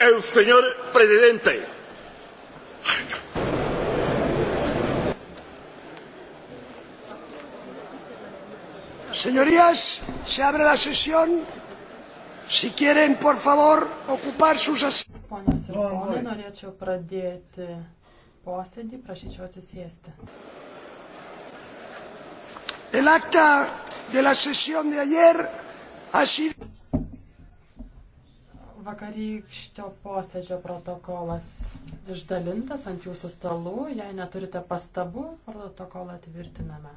El señor presidente. Ay, no. Señorías, se abre la sesión. Si quieren, por favor, ocupar sus asientos. Ponios ir ponai, norėčiau pradėti posėdį, prašyčiau atsisėsti. El acta de la sesión de ayer ha sido. Vakarykštio posėdžio protokolas išdalintas ant jūsų stalų. Jei neturite pastabų, protokolą tvirtiname.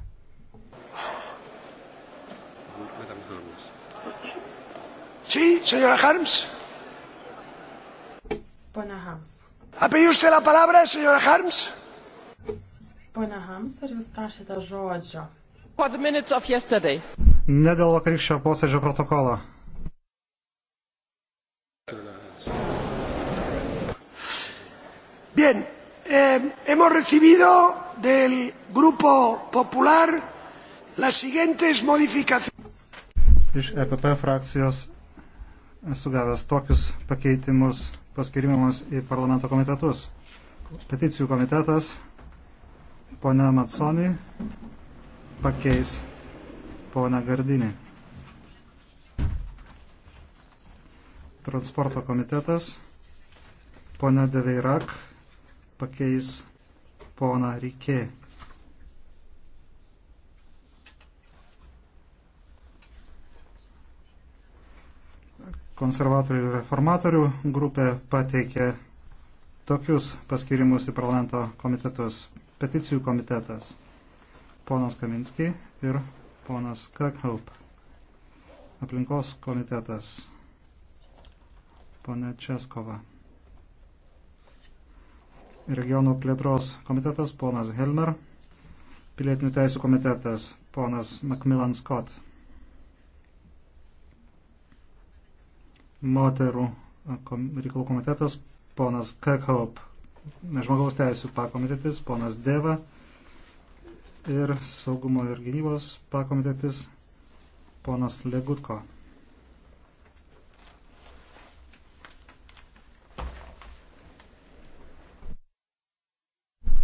Sí, señora Harms. Pone Harms. ¿Ha pedido usted la palabra, señora Harms? Pone Harms, ar jūs prašėte žodžio? Ne dėl vakarykščio posėdžio protokolo. Bien, eh, hemos recibido del Grupo Popular las siguientes modificaciones. Iš EPP frakcijos esu gavęs tokius pakeitimus paskirimams į parlamento komitetus. Peticijų komitetas ponia Matsoni pakeis ponia Gardinį. Transporto komitetas ponia Deveirak pakeis poną Rikė. Konservatorių ir reformatorių grupė pateikė tokius paskirimus į parlamento komitetus. Peticijų komitetas. Ponas Kaminski ir ponas Kakhelp. Aplinkos komitetas. Pone Českova regionų plėtros komitetas ponas Helmer, pilietinių teisų komitetas ponas Macmillan Scott, moterų reikalų komitetas ponas Kirkhope, žmogaus teisų pakomitetis ponas Deva ir saugumo ir gynybos pakomitetis ponas Legutko.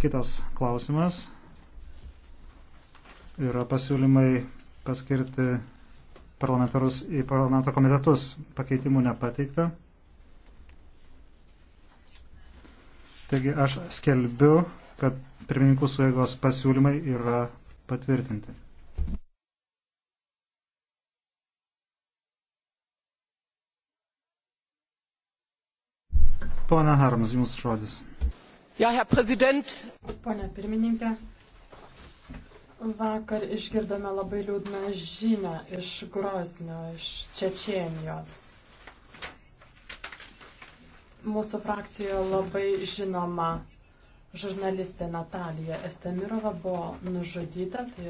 Kitas klausimas yra pasiūlymai paskirti parlamentarus į parlamento komitetus. Pakeitimų nepateikta. Taigi aš skelbiu, kad pirmininkų suėgos pasiūlymai yra patvirtinti. Pone Harms, jums žodis. Ja, Herr Präsident. Pone pirmininkė, vakar išgirdome labai liūdną žinę iš Groznio, iš Čečienijos. Mūsų frakcijoje labai žinoma žurnalistė Natalija Estemirova buvo nužudyta. Tai